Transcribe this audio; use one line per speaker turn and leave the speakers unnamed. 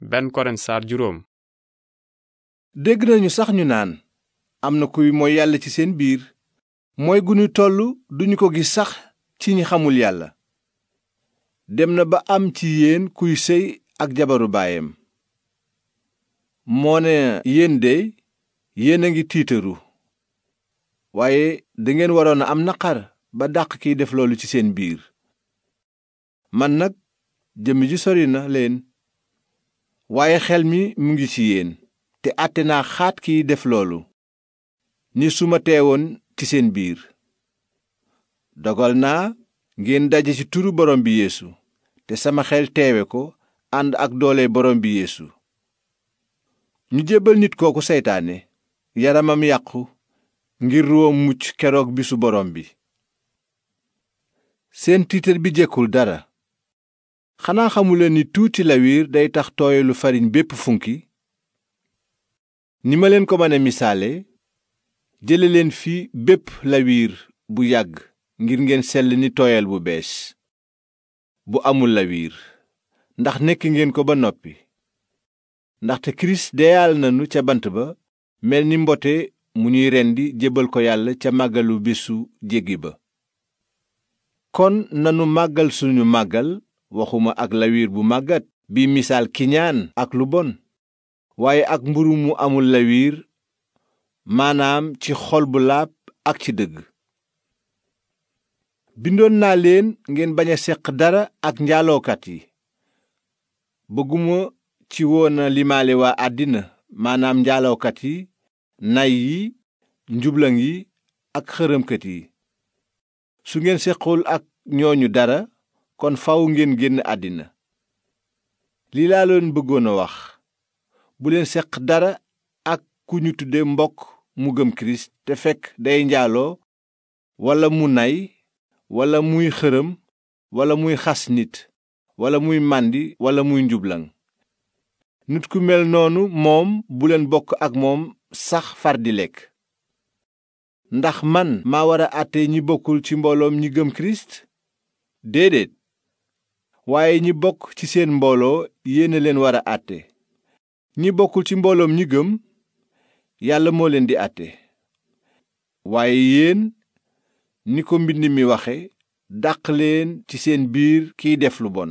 benn Korent saar juróom. dégg nañu sax ñu naan am na kuy mooy yàlla ci seen biir mooy gu ñu toll duñu ko gis sax ci ñi xamul yàlla dem na ba am ci yéen kuy séy ak jabaru baayam moo ne yéen de yéen a ngi tiitaru waaye dangeen waroon a am naqar ba dàq kiy def loolu ci seen biir man nag jëmm ji sori na leen waaye xel mi mu ngi ci yéen te àtte naa xaat kiy def loolu ni su ma teewoon ci seen biir dogal naa ngeen daje ci turu borom bi yéesu te sama xel teewe ko ànd ak doole borom bi yéesu ñu jébbal nit kooku seytaane yaramam yàqu ngir ruwam mucc keroog bisu borom bi seen tiitar bi jekkul dara xanaa xamuleen ni tuuti lawir day tax tooyalu farine bépp funki ni ma leen ko mën a misaale jële leen fi bépp lawir bu yàgg ngir ngeen sell ni tooyal bu bees bu amul lawir ndax nekk ngeen ko ba noppi ndaxte kirist deyaal nanu ca bant ba mel ni mbote mu ñuy rendi jébbal ko yàlla ca màggalu bésu jéggi ba kon nanu màggal suñu màggal waxuma ak lawiir bu màggat bi misaal kiñaan ak lu bon waaye ak mburu mu amul lawiir maanaam ci xol bu laab ak ci dëgg bindoon naa leen ngeen bañ a seq dara ak njaalookat yi bëgguma ci woon a limaale waa àddina maanaam njaalookat yi nay yi njublaŋ yi ak xërëmkat yi su ngeen sequl ak ñooñu dara kon faw ngeen génn àddina li laa loon bëggoon a wax bu leen seq dara ak ku ñu tudde mbokk mu gëm kirist te fekk day njaaloo walla mu nay walla muy xërëm walla muy xas nit walla muy màndi walla muy njublan nit ku mel noonu moom bu leen bokk ak moom sax far di lekk ndax man maa war a àtte ñi bokkul ci mbooloom ñi gëm kirist déedéet waaye ñi bokk ci seen mbooloo yéena leen war a àtte ñi bokkul ci mbooloom ñi gëm yàlla moo leen di àtte waaye yéen ni ko mbind mi waxe dàq leen ci seen biir kiy def lu bon